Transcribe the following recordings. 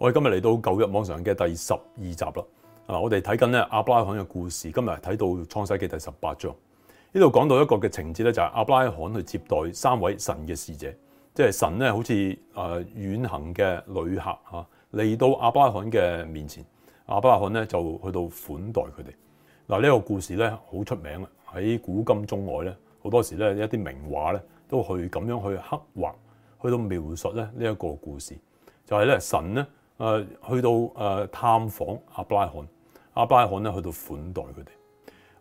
我哋今日嚟到《舊約網上》嘅第十二集啦，啊，我哋睇緊咧亞伯拉罕嘅故事。今日睇到創世記第十八章，呢度講到一個嘅情節咧，就係亞伯拉罕去接待三位神嘅使者，即係神咧，好似誒遠行嘅旅客嚇嚟到亞伯拉罕嘅面前。亞伯拉罕咧就去到款待佢哋。嗱、這、呢個故事咧好出名啊，喺古今中外咧好多時咧一啲名畫咧都去咁樣去刻畫，去到描述咧呢一個故事，就係、是、咧神咧。誒去到誒探訪亞伯拉罕，亞伯拉罕咧去到款待佢哋。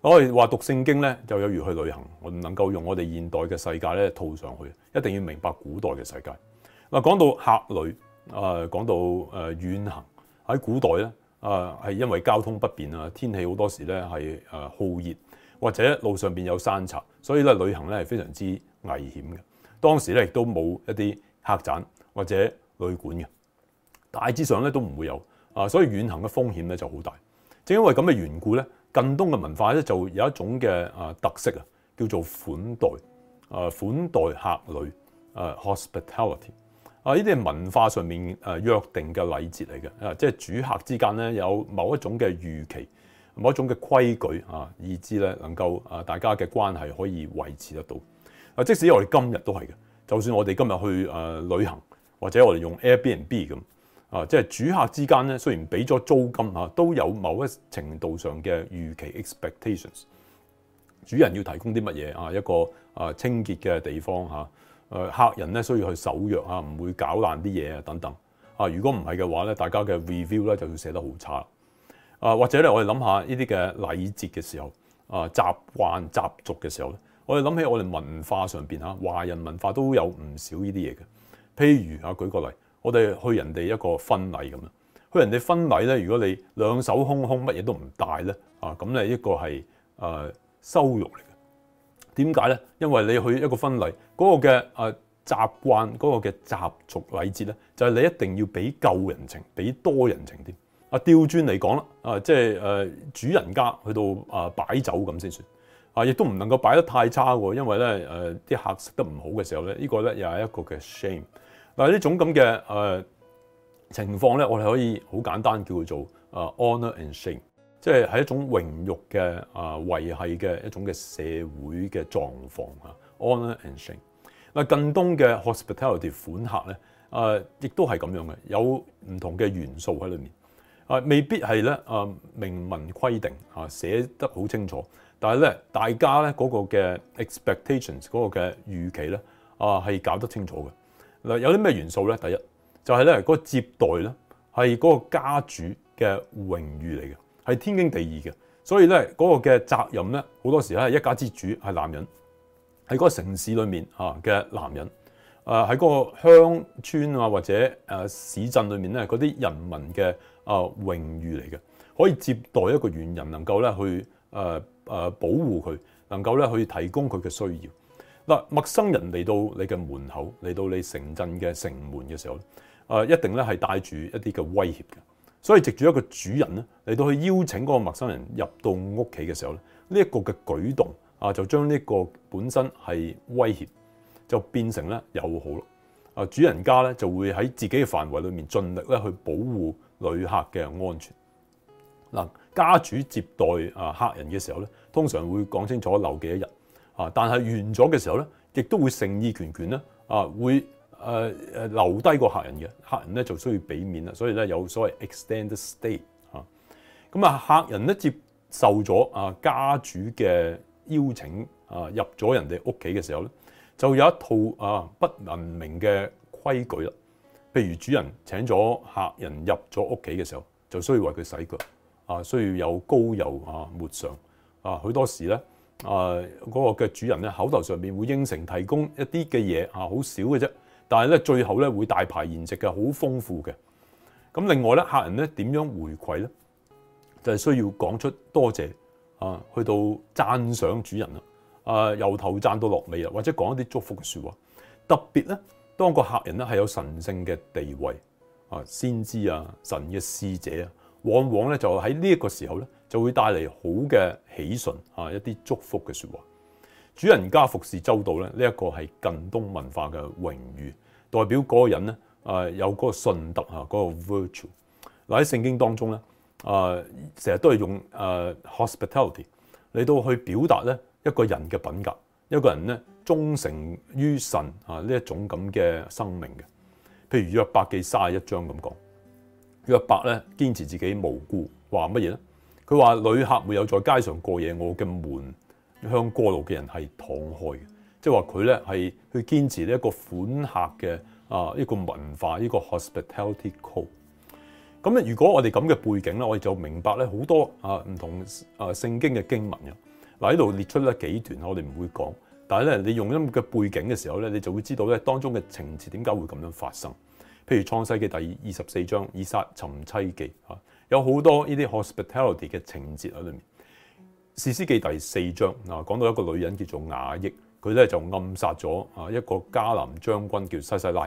我哋話讀聖經咧，就有如去旅行。我唔能夠用我哋現代嘅世界咧套上去，一定要明白古代嘅世界。嗱，講到客旅，誒講到誒遠行喺古代咧，誒係因為交通不便啊，天氣好多時咧係誒酷熱，或者路上邊有山賊，所以咧旅行咧係非常之危險嘅。當時咧亦都冇一啲客棧或者旅館嘅。大致上咧都唔會有啊，所以遠行嘅風險咧就好大。正因為咁嘅緣故咧，近東嘅文化咧就有一種嘅啊特色啊，叫做款待啊，款待客旅啊，hospitality 啊，呢啲係文化上面誒約定嘅禮節嚟嘅啊，即係主客之間咧有某一種嘅預期，某一種嘅規矩啊，以至咧能夠啊大家嘅關係可以維持得到啊。即使我哋今日都係嘅，就算我哋今日去誒旅行，或者我哋用 Airbnb 咁。啊，即係主客之間咧，雖然俾咗租金啊，都有某一程度上嘅預期 expectations。主人要提供啲乜嘢啊？一個啊清潔嘅地方嚇。誒客人咧需要去守約啊，唔會搞爛啲嘢啊等等。啊，如果唔係嘅話咧，大家嘅 review 咧就要寫得好差。啊，或者咧我哋諗下呢啲嘅禮節嘅時候啊，習慣習俗嘅時候咧，我哋諗起我哋文化上面，嚇華人文化都有唔少呢啲嘢嘅。譬如啊，舉個例。我哋去人哋一個婚禮咁樣，去人哋婚禮咧，如果你兩手空空，乜嘢都唔帶咧，啊咁咧一個係誒、呃、羞辱嚟嘅。點解咧？因為你去一個婚禮嗰、那個嘅誒、啊、習慣嗰、那個嘅習俗禮節咧，就係、是、你一定要俾夠人情，俾多人情啲。啊，調轉嚟講啦，啊即係誒主人家去到啊擺酒咁先算。啊，亦都唔能夠擺得太差喎，因為咧誒啲客食得唔好嘅時候咧，這個、呢個咧又係一個嘅 shame。但係呢種咁嘅誒情況咧，我哋可以好簡單叫做啊 honor and shame，即係係一種榮辱嘅啊維繫嘅一種嘅社會嘅狀況啊 honor and shame。嗱，近東嘅 hospitality 款客咧，誒亦都係咁樣嘅，有唔同嘅元素喺裏面，啊未必係咧啊明文規定啊寫得好清楚，但係咧大家咧嗰個嘅 expectations 嗰個嘅預期咧啊係搞得清楚嘅。嗱，有啲咩元素咧？第一就係咧，嗰接待咧，係嗰個家主嘅榮譽嚟嘅，係天經地義嘅。所以咧，嗰個嘅責任咧，好多時咧係一家之主係男人，喺嗰個城市裏面嚇嘅男人，誒喺嗰個鄉村啊或者誒市鎮裏面咧，嗰啲人民嘅啊榮譽嚟嘅，可以接待一個遠人，能夠咧去誒誒保護佢，能夠咧去提供佢嘅需要。陌生人嚟到你嘅門口，嚟到你城鎮嘅城門嘅時候咧，誒一定咧係帶住一啲嘅威脅嘅，所以藉住一個主人咧嚟到去邀請嗰個陌生人入到屋企嘅時候咧，呢一個嘅舉動啊就將呢個本身係威脅，就變成咧友好咯。啊，主人家咧就會喺自己嘅範圍裡面盡力咧去保護旅客嘅安全。嗱，家主接待啊客人嘅時候咧，通常會講清楚留幾多日。啊！但係完咗嘅時候咧，亦都會誠意拳拳咧，啊會誒誒留低個客人嘅，客人咧就需要俾面啦，所以咧有所謂 extended stay 吓。咁啊，客人咧接受咗啊家主嘅邀請啊入咗人哋屋企嘅時候咧，就有一套啊不文明嘅規矩啦。譬如主人請咗客人入咗屋企嘅時候，就需要為佢洗腳啊，需要有高油啊抹上啊，好多時咧。啊，嗰個嘅主人咧，口頭上面會應承提供一啲嘅嘢，好少嘅啫。但係咧，最後咧會大排筵席嘅，好豐富嘅。咁另外咧，客人咧點樣回饋咧，就係需要講出多謝啊，去到讚賞主人啦。啊，由頭讚到落尾啊，或者講一啲祝福嘅説話。特別咧，當個客人咧係有神聖嘅地位啊，先知啊，神嘅使者啊，往往咧就喺呢一個時候咧。就會帶嚟好嘅喜訊啊！一啲祝福嘅説話，主人家服侍周到咧，呢、這、一個係近東文化嘅榮譽，代表嗰個人咧啊有嗰個信德啊嗰、那個 virtue。喺聖經當中咧啊，成日都係用啊 hospitality 嚟到去表達咧一個人嘅品格，一個人咧忠誠於神啊呢一種咁嘅生命嘅。譬如約伯記三十一章咁講，約伯咧堅持自己無辜，話乜嘢咧？佢話旅客沒有在街上過夜，我嘅門向過路嘅人係敞開嘅，即係話佢咧係去堅持呢一個款客嘅啊一個文化呢個 hospitality code。咁咧，如果我哋咁嘅背景咧，我哋就明白咧好多啊唔同啊聖經嘅經文嘅，嗱喺度列出咧幾段，我哋唔會講，但係咧你用咁嘅背景嘅時候咧，你就會知道咧當中嘅情節點解會咁樣發生。譬如創世記第二十四章以撒尋妻記嚇。有好多呢啲 hospitality 嘅情節喺裏面。士師記第四章嗱，講到一個女人叫做雅億，佢咧就暗殺咗啊一個迦南將軍叫西西拉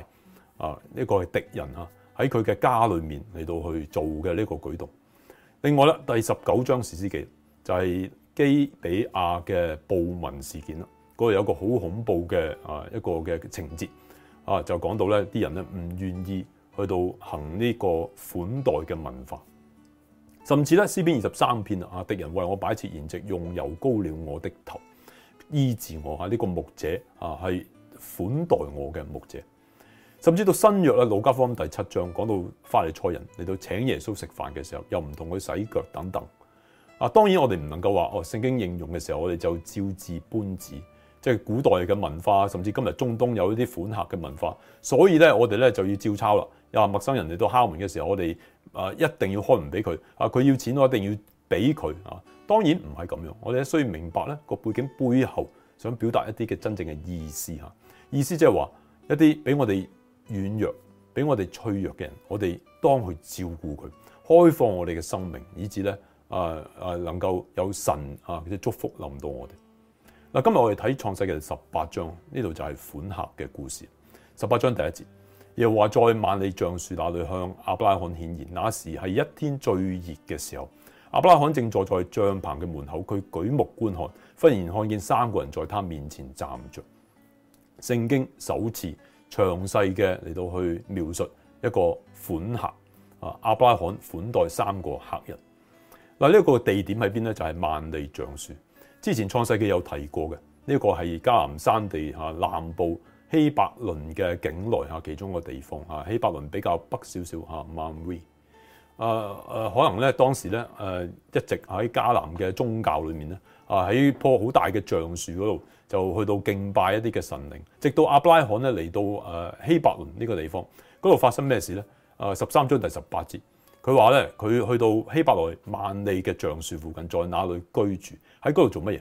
啊，一個係敵人啊，喺佢嘅家裏面嚟到去做嘅呢個舉動。另外呢，第十九章士師記就係、是、基比亞嘅暴民事件啦。嗰度有一個好恐怖嘅啊一個嘅情節啊，就講到咧啲人咧唔願意去到行呢個款待嘅文化。甚至咧，詩篇二十三篇啊，敵人為我擺設筵席，用油膏了我的頭，醫治我。嚇、這個，呢個牧者啊，係款待我嘅牧者。甚至到新約路加福音第七章講到法利賽人嚟到請耶穌食飯嘅時候，又唔同佢洗腳等等。啊，當然我哋唔能夠話哦，聖經應用嘅時候，我哋就照字搬字，即係古代嘅文化，甚至今日中東有一啲款客嘅文化，所以咧，我哋咧就要照抄啦。又話陌生人嚟到敲門嘅時候，我哋。啊！一定要開門俾佢，啊，佢要錢我一定要俾佢啊！當然唔係咁樣，我哋需要明白咧個背景背後想表達一啲嘅真正嘅意思嚇，意思即係話一啲俾我哋軟弱、俾我哋脆弱嘅人，我哋當去照顧佢，開放我哋嘅生命，以致咧啊啊能夠有神啊嘅祝福臨到我哋。嗱，今日我哋睇創世記十八章，呢度就係款客嘅故事。十八章第一節。又話在萬里橡樹那裏向亞伯拉罕顯現，那時係一天最熱嘅時候。亞伯拉罕正坐在帳篷嘅門口，佢舉目觀看，忽然看見三個人在他面前站着。聖經首次詳細嘅嚟到去描述一個款客啊，亞伯拉罕款待三個客人。嗱，呢一個地點喺邊呢？就係、是、萬里橡樹。之前創世記有提過嘅，呢、這個係迦南山地嚇南部，希伯倫嘅境內啊，其中一個地方啊，希伯倫比較北少少啊，幔利誒誒，可能咧當時咧誒、呃，一直喺迦南嘅宗教裏面咧，啊喺棵好大嘅橡樹嗰度，就去到敬拜一啲嘅神靈。直到阿布拉罕咧嚟到誒希、呃、伯倫呢個地方，嗰度發生咩事咧？誒十三章第十八節，佢話咧佢去到希伯倫幔利嘅橡樹附近，在哪裏居住？喺嗰度做乜嘢？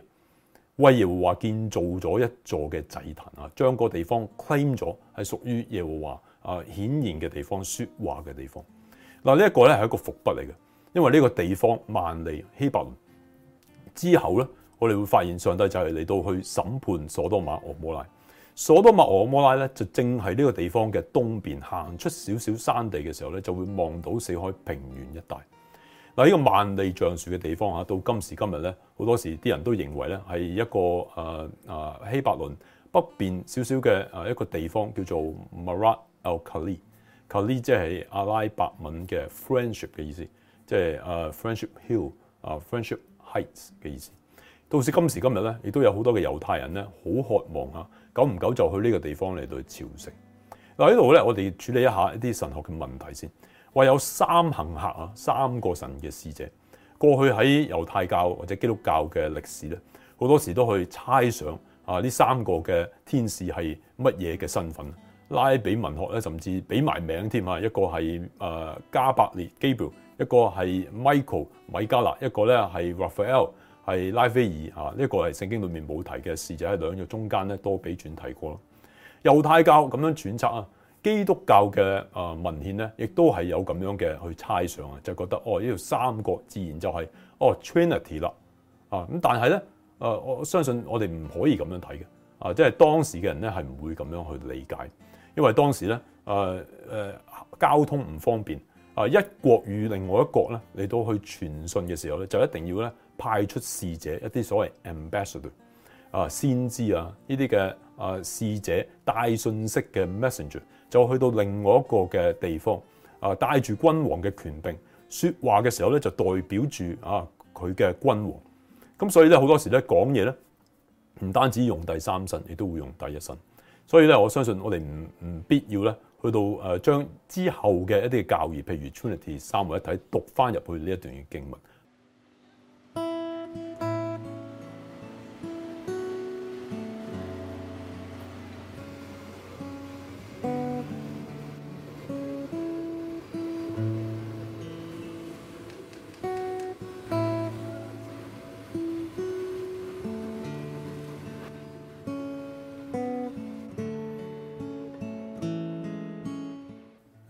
為耶和華建造咗一座嘅祭壇，啊，將個地方 claim 咗係屬於耶和華啊，顯現嘅地方，說話嘅地方。嗱，呢一個咧係一個伏筆嚟嘅，因為呢個地方萬利希伯倫之後咧，我哋會發現上帝就係嚟到去審判所多瑪俄摩拉。所多瑪俄摩拉咧就正係呢個地方嘅東邊，行出少少山地嘅時候咧，就會望到四海平原一帶。嗱，呢個萬里橡樹嘅地方吓，到今時今日咧，好多時啲人都認為咧係一個誒誒希伯倫北邊少少嘅誒一個地方叫做 Marat El Khali，Khali Kali 即係阿拉伯文嘅 friendship 嘅意思，即係誒 friendship hill 啊，friendship heights 嘅意思。到時今時今日咧，亦都有好多嘅猶太人咧，好渴望啊，久唔久就去呢個地方嚟到朝聖。嗱，呢度咧，我哋處理一下一啲神學嘅問題先。話有三行客啊，三個神嘅使者，過去喺猶太教或者基督教嘅歷史咧，好多時都去猜想啊，呢三個嘅天使係乜嘢嘅身份？拉比文學咧，甚至俾埋名添啊，一個係加百列 （Gabriel），一個係 Michael（ 米迦勒），一個咧係 Raphael（ 係拉斐爾）啊，呢個個係聖經裏面冇提嘅使者，喺兩個中間咧，都俾傳提過咯。猶太教咁樣轉測啊～基督教嘅誒文獻咧，亦都係有咁樣嘅去猜想啊，就是、覺得哦呢條三角自然就係、是、哦 Trinity 啦啊咁，但係咧誒我相信我哋唔可以咁樣睇嘅啊，即係當時嘅人咧係唔會咁樣去理解，因為當時咧誒誒交通唔方便啊，一國與另外一國咧你都去傳信嘅時候咧，就一定要咧派出使者，一啲所謂 ambassador 啊先知啊呢啲嘅。啊，使者帶信息嘅 Messenger 就去到另外一個嘅地方啊，帶住君王嘅權柄，說話嘅時候咧就代表住啊佢嘅君王。咁所以咧好多時咧講嘢咧唔單止用第三身，亦都會用第一身。所以咧我相信我哋唔唔必要咧去到誒將之後嘅一啲教義，譬如 Trinity 三合一體讀翻入去呢一段嘅經文。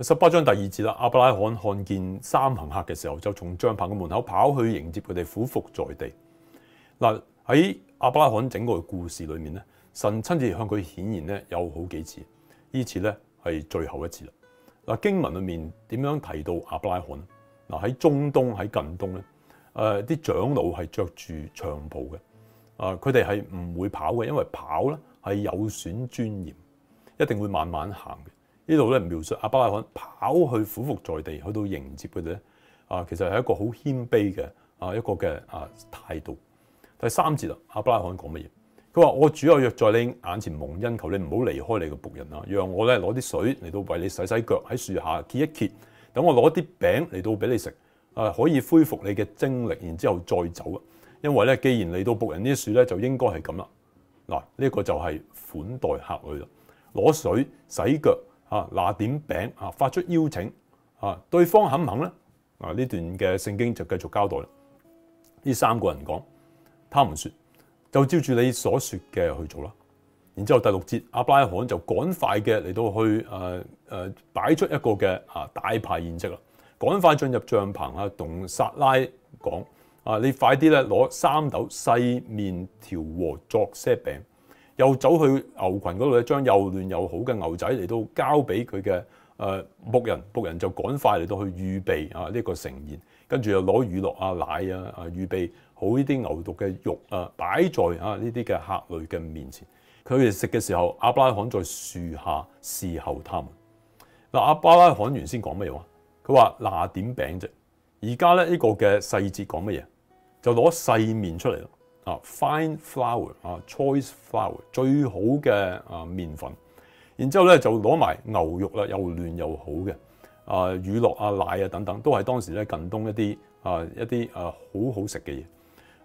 十八章第二節啦，亞伯拉罕看見三行客嘅時候，就從帳篷嘅門口跑去迎接佢哋，俯伏在地。嗱喺亞伯拉罕整個故事裏面咧，神親自向佢顯現咧有好幾次，呢次咧係最後一次啦。嗱經文裏面點樣提到亞伯拉罕？嗱喺中東喺近東咧，誒啲長老係着住長袍嘅，啊佢哋係唔會跑嘅，因為跑咧係有損尊嚴，一定會慢慢行嘅。呢度咧描述阿伯拉罕跑去俯伏在地去到迎接佢哋咧，啊，其實係一個好謙卑嘅啊一個嘅啊態度。第三節啦，阿伯拉罕講乜嘢？佢話：我主要約在你眼前蒙恩，求你唔好離開你嘅僕人啊，讓我咧攞啲水嚟到為你洗洗腳，喺樹下揭一揭，等我攞啲餅嚟到俾你食，啊，可以恢復你嘅精力，然之後再走啊。因為咧，既然嚟到僕人呢啲樹咧，就應該係咁啦。嗱，呢個就係款待客去咯，攞水洗腳。啊拿點餅啊，發出邀請啊，對方肯唔肯咧？啊呢段嘅聖經就繼續交代啦。呢三個人講，他們說就照住你所說嘅去做啦。然之後第六節，阿巴拉罕就趕快嘅嚟到去誒誒擺出一個嘅啊大排宴席啦。趕快進入帳棚啊，同撒拉講啊，你快啲咧攞三斗細麵調和作些餅。又走去牛群嗰度咧，將又嫩又好嘅牛仔嚟到交俾佢嘅誒牧人，牧人就趕快嚟到去預備啊呢個盛宴，跟住又攞乳酪啊、奶啊啊預備好呢啲牛犢嘅肉啊擺在啊呢啲嘅客旅嘅面前，佢哋食嘅時候，阿巴拉罕在樹下侍候他們。嗱，亞伯拉罕原先講咩嘢啊？佢話拿點餅啫，而家咧呢個嘅細節講乜嘢？就攞細麵出嚟啊，fine flour 啊，choice flour 最好嘅啊麵粉，然之後咧就攞埋牛肉啦，又嫩又好嘅啊，乳酪啊、奶啊等等，都係當時咧近東一啲啊一啲啊好好食嘅嘢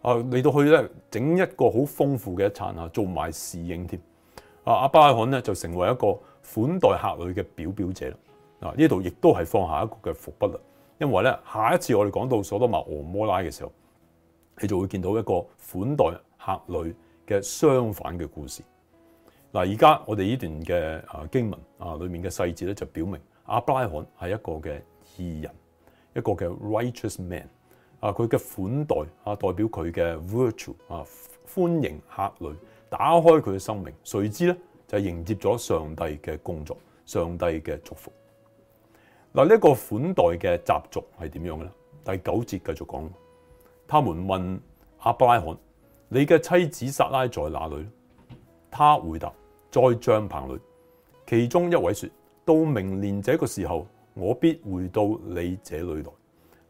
啊嚟到去咧整一個好豐富嘅一餐啊，做埋侍應添啊，亞伯拉罕咧就成為一個款待客旅嘅表表姐啦，啊呢度亦都係放下一個嘅伏筆啦，因為咧下一次我哋講到所多瑪和蛾摩拉嘅時候。你就會見到一個款待客旅嘅相反嘅故事。嗱，而家我哋呢段嘅啊經文啊裡面嘅細節咧，就表明阿布拉罕係一個嘅義人，一個嘅 righteous man 啊，佢嘅款待啊代表佢嘅 virtue 啊，歡迎客旅，打開佢嘅生命，誰知咧就迎接咗上帝嘅工作，上帝嘅祝福。嗱，呢一個款待嘅習俗係點樣嘅咧？第九節繼續講。他們問阿伯拉罕：你嘅妻子撒拉在哪裏？他回答：在帳棚裏。其中一位說：到明年這個時候，我必回到你這裏來。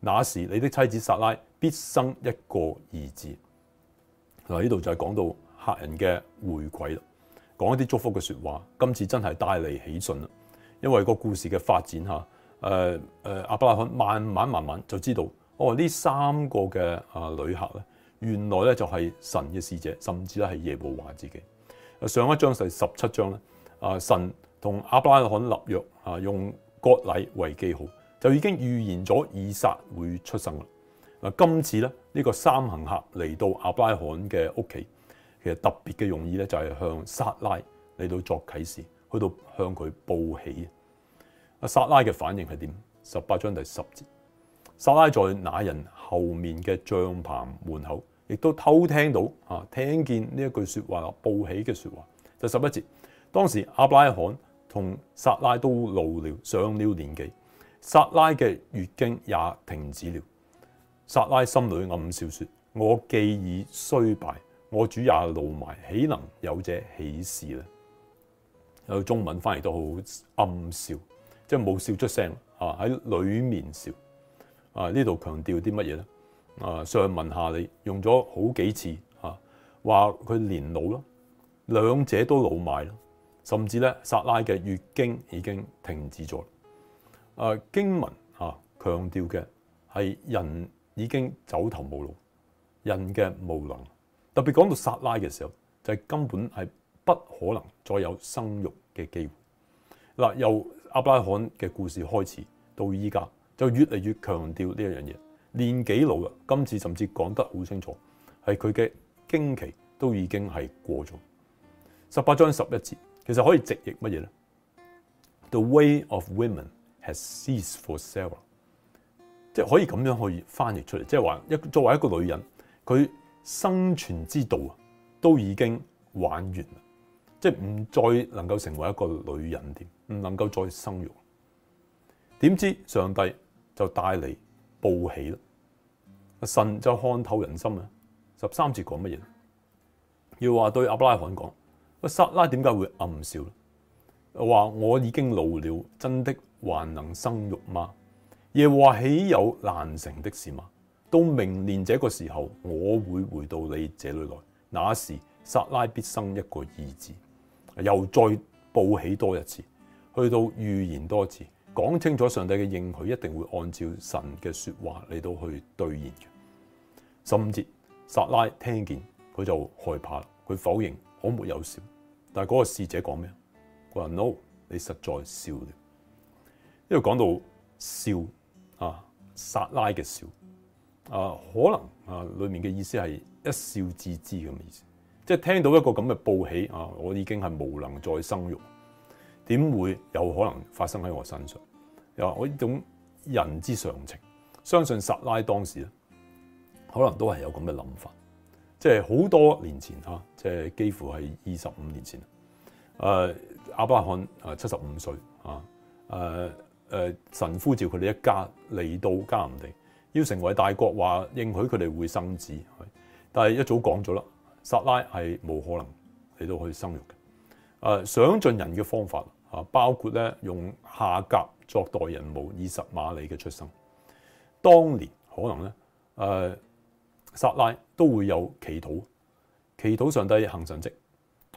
那時你的妻子撒拉必生一個兒子。嗱，呢度就係講到客人嘅回饋啦，講一啲祝福嘅說話。今次真係帶嚟喜訊啦，因為個故事嘅發展吓，誒誒，阿伯拉罕慢慢慢慢就知道。哦，呢三個嘅啊旅客咧，原來咧就係神嘅使者，甚至咧係耶和華自己。啊，上一章就係十七章咧，啊神同亞伯拉罕立約啊，用割禮為記號，就已經預言咗以撒會出生啦。嗱，今次咧呢、這個三行客嚟到亞伯拉罕嘅屋企，其實特別嘅用意咧就係向撒拉嚟到作啟示，去到向佢報喜。啊，撒拉嘅反應係點？十八章第十節。撒拉在那人後面嘅帳棚門口，亦都偷聽到啊，聽見呢一句説話，報喜嘅説話。就十一節，當時亞伯拉罕同撒拉都老了，上了年紀，撒拉嘅月經也停止了。撒拉心裏暗笑説：「我既已衰敗，我主也老埋，豈能有者喜事呢？」有中文翻嚟都好暗笑，即係冇笑出聲啊，喺裡面笑。啊！呢度強調啲乜嘢咧？啊，上文下理用咗好幾次嚇，話佢年老啦，兩者都老邁啦，甚至咧，薩拉嘅月經已經停止咗。誒，經文強調嘅係人已經走投無路，人嘅無能，特別講到薩拉嘅時候，就係、根本係不可能再有生育嘅機會。嗱，由亞伯拉罕嘅故事開始到依家。就越嚟越強調呢一樣嘢，年紀老啦。今次甚至講得好清楚，係佢嘅經期都已經係過咗。十八章十一節，其實可以直譯乜嘢咧？The way of women has ceased for Sarah，即係可以咁樣去翻譯出嚟，即係話一作為一個女人，佢生存之道啊，都已經玩完，即係唔再能夠成為一個女人點，唔能夠再生育。點知上帝，就帶嚟報喜啦！神就看透人心啊！十三節講乜嘢？要話對亞伯拉罕講，薩拉點解會暗笑？話：我已經老了，真的還能生育嗎？耶和華：豈有難成的事嗎？到明年這個時候，我會回到你這裡來。那時薩拉必生一個兒子，又再報喜多一次，去到預言多次。講清楚上帝嘅應許一定會按照神嘅說話嚟,到去兌現嘅。甚至撒拉聽見佢就害怕，佢否認，我沒有笑，但係嗰個侍者講咩啊？話 no，你實在笑呢。因為講到笑啊，撒拉嘅笑啊，可能啊裏面嘅意思係一笑自知咁嘅意思，即係聽到一個咁嘅報喜啊，我已經係無能再生育。點會有可能發生喺我身上？又我呢種人之常情，相信撒拉當時咧，可能都係有咁嘅諗法。即係好多年前啊，即係幾乎係二十五年前。誒，亞伯罕誒七十五歲啊，誒誒，神呼召佢哋一家嚟到迦南地，要成為大國，話應許佢哋會生子。但係一早講咗啦，撒拉係冇可能嚟到可以生育嘅。誒，想盡人嘅方法。啊，包括咧用下甲作代人母二十馬里嘅出生，當年可能咧，誒、呃，薩拉都會有祈禱，祈禱上帝行神蹟、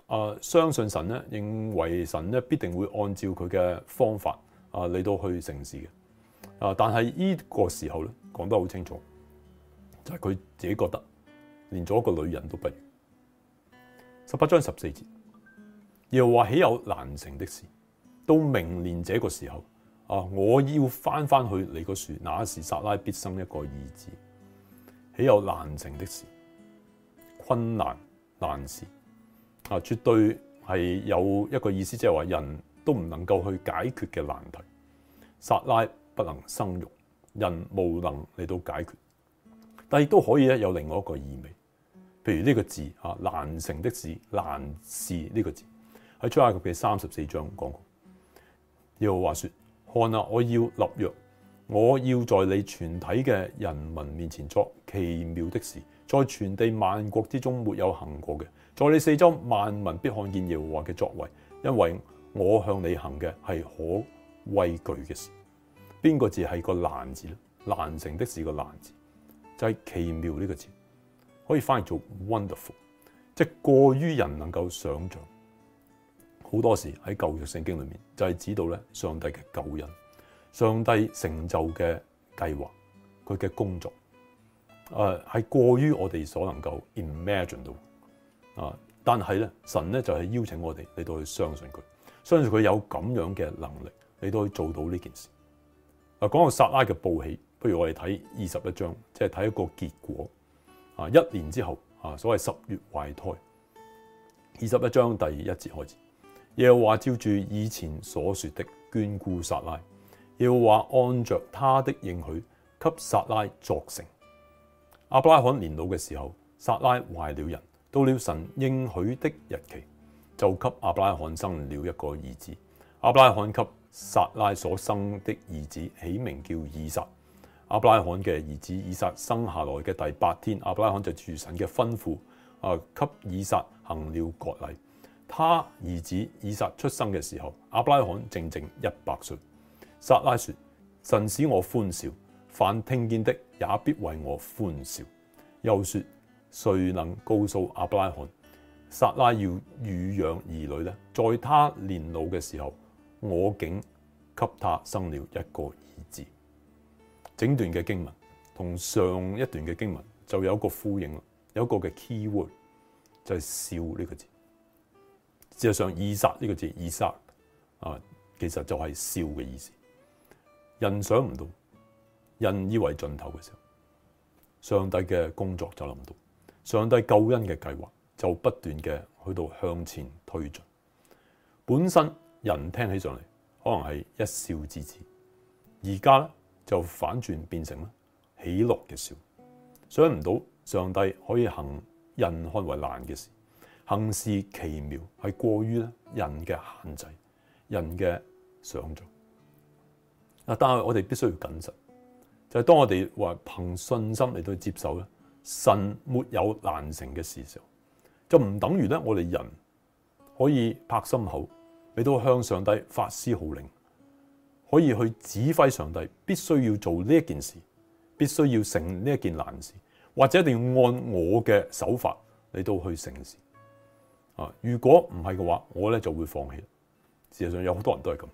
呃，相信神咧，認為神咧必定會按照佢嘅方法啊嚟到去成事嘅，啊、呃，但係呢個時候咧講得好清楚，就係、是、佢自己覺得連做一個女人都不如，十八章十四節又話豈有難成的事？到明年這個時候啊，我要翻翻去你個樹，那時撒拉必生一個兒子，豈有難成的事，困難難事啊？絕對係有一個意思，即係話人都唔能夠去解決嘅難題。撒拉不能生育，人無能嚟到解決，但亦都可以咧有另外一個意味。譬如呢個字啊，難成的事，難事呢個字喺出下個嘅三十四章講又耶和華說，看啊！我要立約，我要在你全體嘅人民面前作奇妙的事，在全地萬國之中沒有行過嘅，在你四周萬民必看見耶和華嘅作為，因為我向你行嘅係可畏懼嘅事。邊個字係個難字咧？難成的是一個難字，就係、是、奇妙呢個字，可以翻譯做 wonderful，即係過於人能夠想像。好多時喺舊約聖經裏面就係、是、指到咧上帝嘅救恩，上帝成就嘅計劃，佢嘅工作誒係過於我哋所能夠 imagine 到啊。但係咧神咧就係邀請我哋嚟到去相信佢，相信佢有咁樣嘅能力，你都可以做到呢件事。嗱，講到撒拉嘅報喜，不如我哋睇二十一章，即係睇一個結果啊。一年之後啊，所謂十月懷胎，二十一章第一節開始。又話照住以前所說的眷顧撒拉，又話按着他的應許給撒拉作成。亞伯拉罕年老嘅時候，撒拉懷了人，到了神應許的日期，就給亞伯拉罕生了一個兒子。亞伯拉罕給撒拉所生的兒子起名叫以撒。亞伯拉罕嘅兒子以撒生下來嘅第八天，亞伯拉罕就住神嘅吩咐，啊，給以撒行了割禮。他兒子以撒出生嘅時候，亞伯拉罕正正一百歲。撒拉說：神使我歡笑，凡聽見的也必為我歡笑。又說：誰能告訴亞伯拉罕，撒拉要乳養兒女呢？在他年老嘅時候，我竟給他生了一個兒子。整段嘅經文同上一段嘅經文就有一個呼應，有一個嘅 keyword 就係笑呢個字。事實上，以撒呢個字，以撒啊，其實就係笑嘅意思。人想唔到，人以為盡頭嘅時候，上帝嘅工作就諗唔到，上帝救恩嘅計劃就不斷嘅喺度向前推進。本身人聽起上嚟，可能係一笑置之，而家咧就反轉變成咧喜樂嘅笑。想唔到上帝可以行人看為難嘅事。行事奇妙係過於咧人嘅限制，人嘅想像啊。但係我哋必須要謹慎，就係、是、當我哋話憑信心嚟到接受咧，神沒有難成嘅事時候，就唔等於咧我哋人可以拍心口嚟到向上帝發施號令，可以去指揮上帝必須要做呢一件事，必須要成呢一件難事，或者一定要按我嘅手法嚟到去成事。啊！如果唔係嘅話，我咧，就會放棄。事實上有好多人都係咁，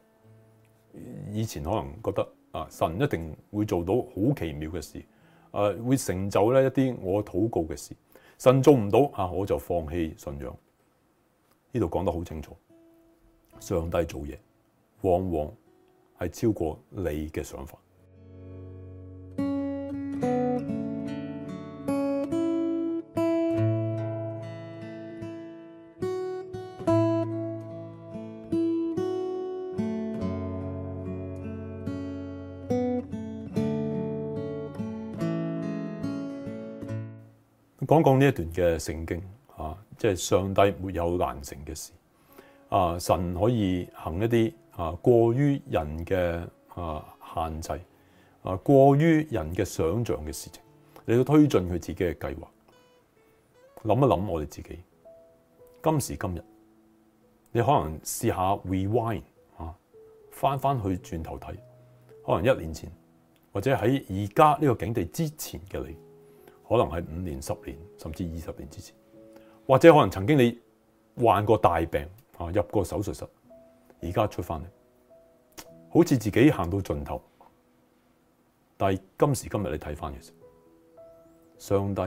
以前可能覺得啊，神一定會做到好奇妙嘅事，誒，會成就咧一啲我禱告嘅事。神做唔到啊，我就放棄信仰。呢度講得好清楚，上帝做嘢往往係超過你嘅想法。講講呢一段嘅聖經啊，即係上帝沒有難成嘅事啊，神可以行一啲啊過於人嘅啊限制啊，過於人嘅想象嘅事情，你要推進佢自己嘅計劃。諗一諗我哋自己，今時今日，你可能試下 rewind 啊，翻翻去轉頭睇，可能一年前或者喺而家呢個境地之前嘅你。可能係五年、十年，甚至二十年之前，或者可能曾經你患過大病啊，入過手術室，而家出翻嚟，好似自己行到盡頭。但係今時今日你睇翻嘅時，上帝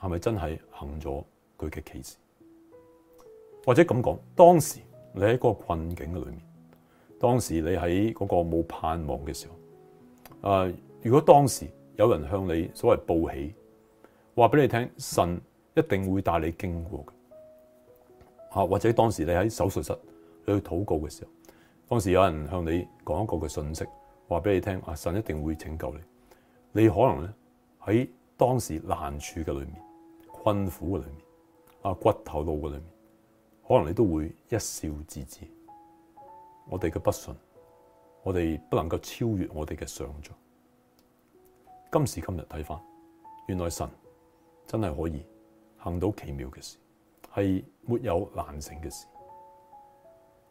係咪真係行咗佢嘅奇事？或者咁講，當時你喺個困境裏裏面，當時你喺嗰個冇盼望嘅時候，呃，如果當時有人向你所謂報喜。話俾你聽，神一定會帶你經過嘅吓，或者當時你喺手術室，你去禱告嘅時候，當時有人向你講一個嘅信息，話俾你聽啊，神一定會拯救你。你可能咧喺當時難處嘅裏面、困苦嘅裏面、啊骨頭路嘅裏面，可能你都會一笑置之。我哋嘅不信，我哋不能夠超越我哋嘅想象。今時今日睇翻，原來神。真係可以行到奇妙嘅事，係沒有難成嘅事。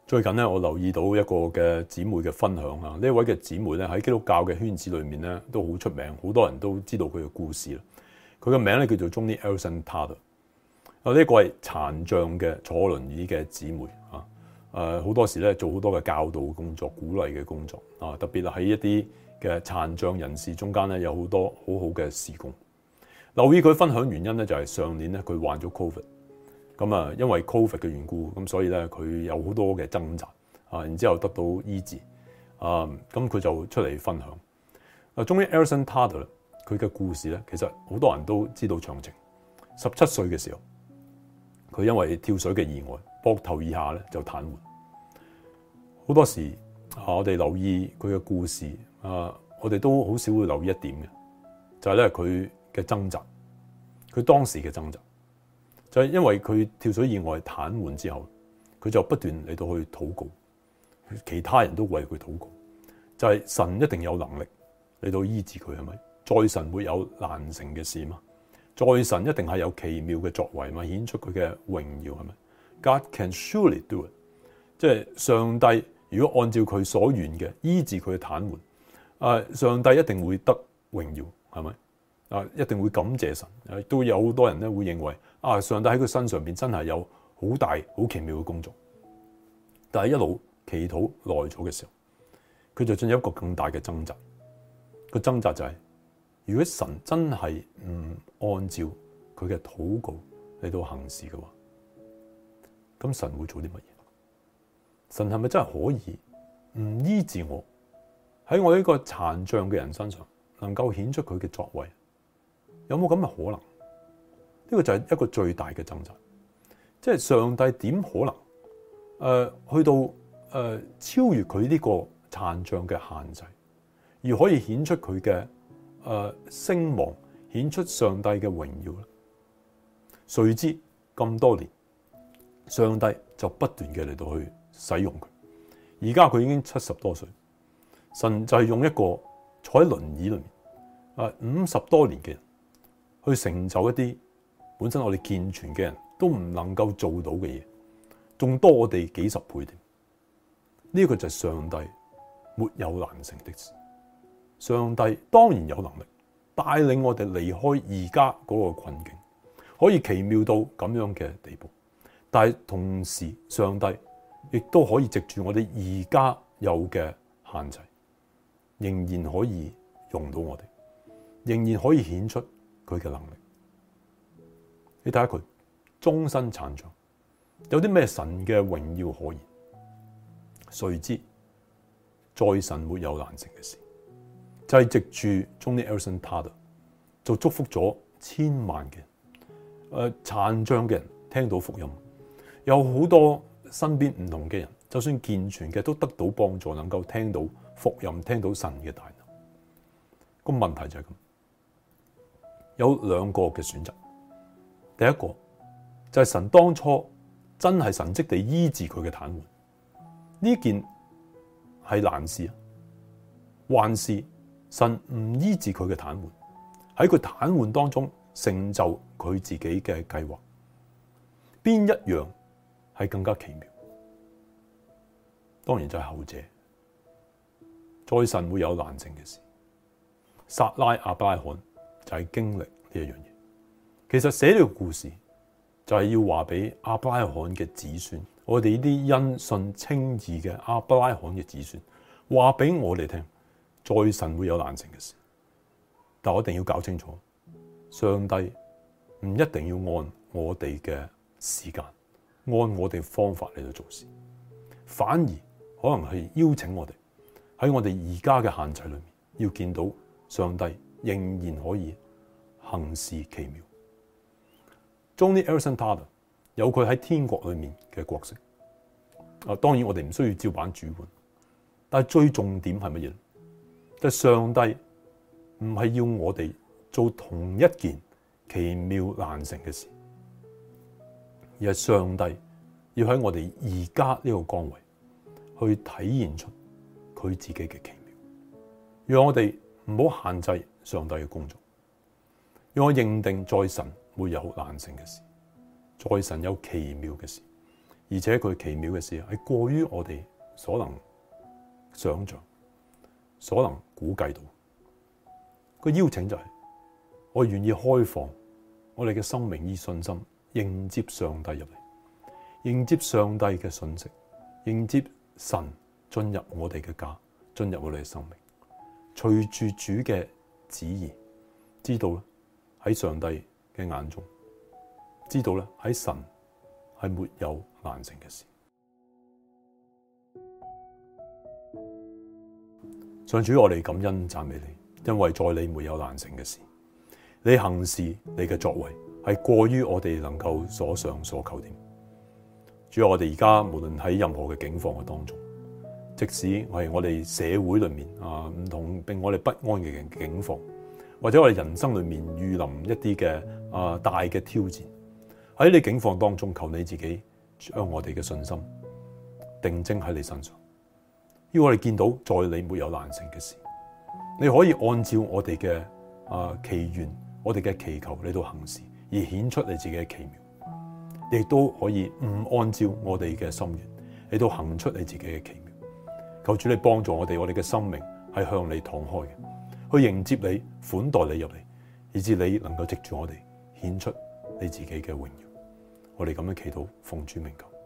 最近咧，我留意到一個嘅姊妹嘅分享啊，呢位嘅姊妹咧喺基督教嘅圈子裏面咧都好出名，好多人都知道佢嘅故事啦。佢嘅名咧叫做 Joni Eareckson Tada。啊，呢個係殘障嘅坐輪椅嘅姊妹啊，誒，好多時咧做好多嘅教導工作、鼓勵嘅工作啊，特別係喺一啲嘅殘障人士中間咧，有好多好好嘅事工。留意佢分享原因咧，就係上年咧佢患咗 covid，咁啊，因為 covid 嘅緣故，咁所以咧佢有好多嘅掙扎啊，然之後得到醫治啊，咁佢就出嚟分享啊。終於，Alison Tada 佢嘅故事咧，其實好多人都知道詳情。十七歲嘅時候，佢因為跳水嘅意外，膊頭以下咧就癱瘓好多時啊。我哋留意佢嘅故事啊，我哋都好少會留意一點嘅，就係咧佢嘅掙扎，佢當時嘅掙扎就係、是、因為佢跳水意外癱瘓之後，佢就不斷嚟到去禱告，其他人都為佢禱告，就係、是、神一定有能力嚟到醫治佢，係咪？在神沒有難成嘅事嘛，在神一定係有奇妙嘅作為嘛，顯出佢嘅榮耀係咪？God can surely do it，即係上帝如果按照佢所願嘅醫治佢嘅癱瘓，誒上帝一定會得榮耀係咪？是啊！一定會感謝神，都有好多人咧會認為啊，上帝喺佢身上邊真係有好大好奇妙嘅工作。但係一路祈禱耐咗嘅時候，佢就進入一個更大嘅掙扎。這個掙扎就係、是、如果神真係唔按照佢嘅禱告嚟到行事嘅話，咁神會做啲乜嘢？神係咪真係可以唔醫治我喺我呢個殘障嘅人身上能夠顯出佢嘅作為？有冇咁嘅可能？呢、這個就係一個最大嘅掙扎，即係上帝點可能誒、呃、去到誒、呃、超越佢呢個殘障嘅限制，而可以顯出佢嘅誒聲望，顯出上帝嘅榮耀咧？誰知咁多年，上帝就不斷嘅嚟到去使用佢。而家佢已經七十多歲，神就係用一個坐喺輪椅裏面誒、呃、五十多年嘅人。去成就一啲本身我哋健全嘅人都唔能夠做到嘅嘢，仲多我哋幾十倍添。呢個就係上帝沒有難成的事。上帝當然有能力帶領我哋離開而家嗰個困境，可以奇妙到咁樣嘅地步。但係同時，上帝亦都可以藉住我哋而家有嘅限制，仍然可以用到我哋，仍然可以顯出。佢嘅能力，你睇下佢終身殘障，有啲咩神嘅榮耀可言？誰知，在神沒有難成嘅事，就係藉住 Joni Eareckson Tada 就祝福咗千萬嘅誒、呃、殘障嘅人聽到福音，有好多身邊唔同嘅人，就算健全嘅都得到幫助，能夠聽到福音，聽到神嘅大能。個問題就係咁。有兩個嘅選擇，第一個就係、是、神當初真係神蹟地醫治佢嘅癱瘓，呢件係難事啊，還是神唔醫治佢嘅癱瘓，喺佢癱瘓當中成就佢自己嘅計劃，邊一樣係更加奇妙？當然就係後者。在神會有難成嘅事，撒拉亞伯拉罕。就係經歷呢一樣嘢，其實寫呢個故事就係要話俾亞伯拉罕嘅子孫，我哋呢啲因信稱義嘅亞伯拉罕嘅子孫，話俾我哋聽，在神會有難成嘅事，但我一定要搞清楚，上帝唔一定要按我哋嘅時間，按我哋方法嚟到做事，反而可能係邀請我哋喺我哋而家嘅限制裏面，要見到上帝。仍然可以行事奇妙。Joni Eareckson Tada 有佢喺天國裏面嘅角色。啊，當然我哋唔需要照板煮碗，但係最重點係乜嘢？就係、是、上帝唔係要我哋做同一件奇妙難成嘅事，而係上帝要喺我哋而家呢個崗位去體現出佢自己嘅奇妙，讓我哋唔好限制。上帝嘅工作，讓我認定在神會有難成嘅事，在神有奇妙嘅事，而且佢奇妙嘅事係過於我哋所能想象、所能估計到。個邀請就係、是、我願意開放我哋嘅生命，以信心迎接上帝入嚟，迎接上帝嘅信息，迎接神進入我哋嘅家，進入我哋嘅生命，隨住主嘅旨意知道啦，喺上帝嘅眼中知道啦，喺神係沒有難成嘅事。上主，我哋感恩讚美你，因為在你沒有難成嘅事，你行事你嘅作為係過於我哋能夠所想所求添。主要我，我哋而家無論喺任何嘅境況嘅當中。即使係我哋社會裏面啊，唔同並，我哋不安嘅境況，或者我哋人生裏面遇臨一啲嘅啊大嘅挑戰，喺你境況當中，求你自己將我哋嘅信心定睛喺你身上，要我哋見到在你沒有難成嘅事，你可以按照我哋嘅啊祈願，我哋嘅祈求嚟到行事，而顯出你自己嘅奇妙，亦都可以唔按照我哋嘅心願嚟到行出你自己嘅奇妙。求主你幫助我哋，我哋嘅生命係向你敞開嘅，去迎接你，款待你入嚟，以至你能夠藉住我哋，獻出你自己嘅榮耀。我哋咁樣祈禱，奉主名求。